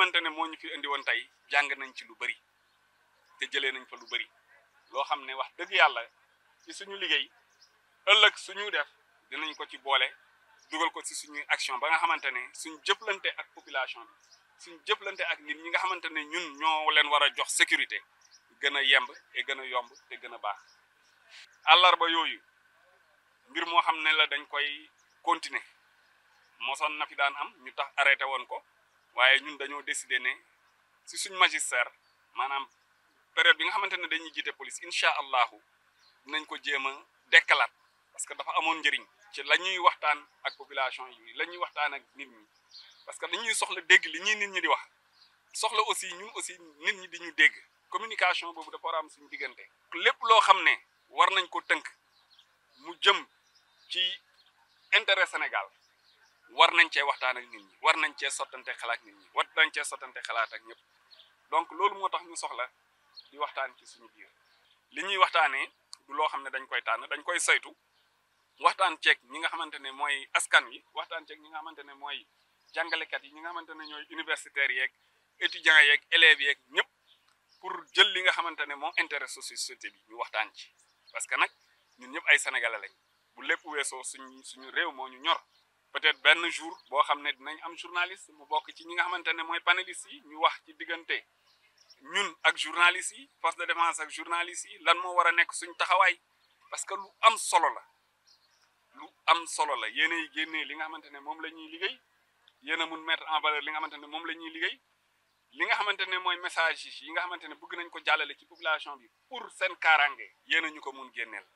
xamante ne moo ñu fi indi woon tey jàng nañ ci lu bëri te jëlee nañ fa lu bëri loo xam ne wax dëgg yàlla ci suñu liggéey ëllëg suñu def dinañ ko ci boole dugal ko si suñu action ba nga xamante ne suñ jëflante ak population bi suñ jëflante ak nit ñi nga xamante ne ñun ñoo leen war a jox sécurité gën a yemb te gën a yomb te gën a baax àllarba yooyu mbir moo xam ne la dañ koy continuer mosoon na fi daan am ñu tax arrêté woon ko waaye ñun dañoo décider ne si suñ magistère maanaam période bi nga xamante ne dañuy jiite police incha allahu nañ ko jéem a dekkalaat parce que dafa amoon njëriñ ci la ñuy waxtaan ak population yi la ñuy waxtaan ak nit ñi parce que dañuy soxla dégg li ñuy nit ñi di wax soxla aussi ñun aussi nit ñi di ñu dégg communication boobu dafa war a am suñu diggante. lépp loo xam ne war nañ ko tënk mu jëm ci intérêt Sénégal. war nañ cee waxtaan ak nit ñi war nañ cee sottante xalaat nit war nañ cee sottante xalaat ak ñëpp donc loolu moo tax ñu soxla di waxtaan ci suñu biir li ñuy waxtaanee du loo xam ne dañ koy tànn dañ koy saytu waxtaan ceeg ñi nga xamante ne mooy askan wi waxtaan ceeg ñi nga xamante ne mooy jàngalekat yi ñi nga xamante ne ñooy universitaires yeeg étudiants yeeg élèves yeeg ñëpp pour jël li nga xamante ne moo intérêt société bi ñu waxtaan ci parce que nag ñun ñëpp ay sénégalais lañ bu lépp weesoo suñ suñu réew moo ñu ñor peut-être benn jour boo xam ne dinañ am journaliste mu bokk ci ñi nga xamante ne mooy panélistes yi ñu wax ci diggante ñun ak journalistes yi force de défense ak journalistes yi lan moo war a nekk suñ taxawaay parce que lu am solo la lu am solo la yéen ay génnee li nga xamante ne moom la ñuy liggéey yéen a mun mettre en valeur li nga xamante ne moom la ñuy liggéey li nga xamante ne mooy message yi nga xamante ne bëgg nañ ko jàllale ci population bi pour seen kaaraange yéen ñu ko mun génneel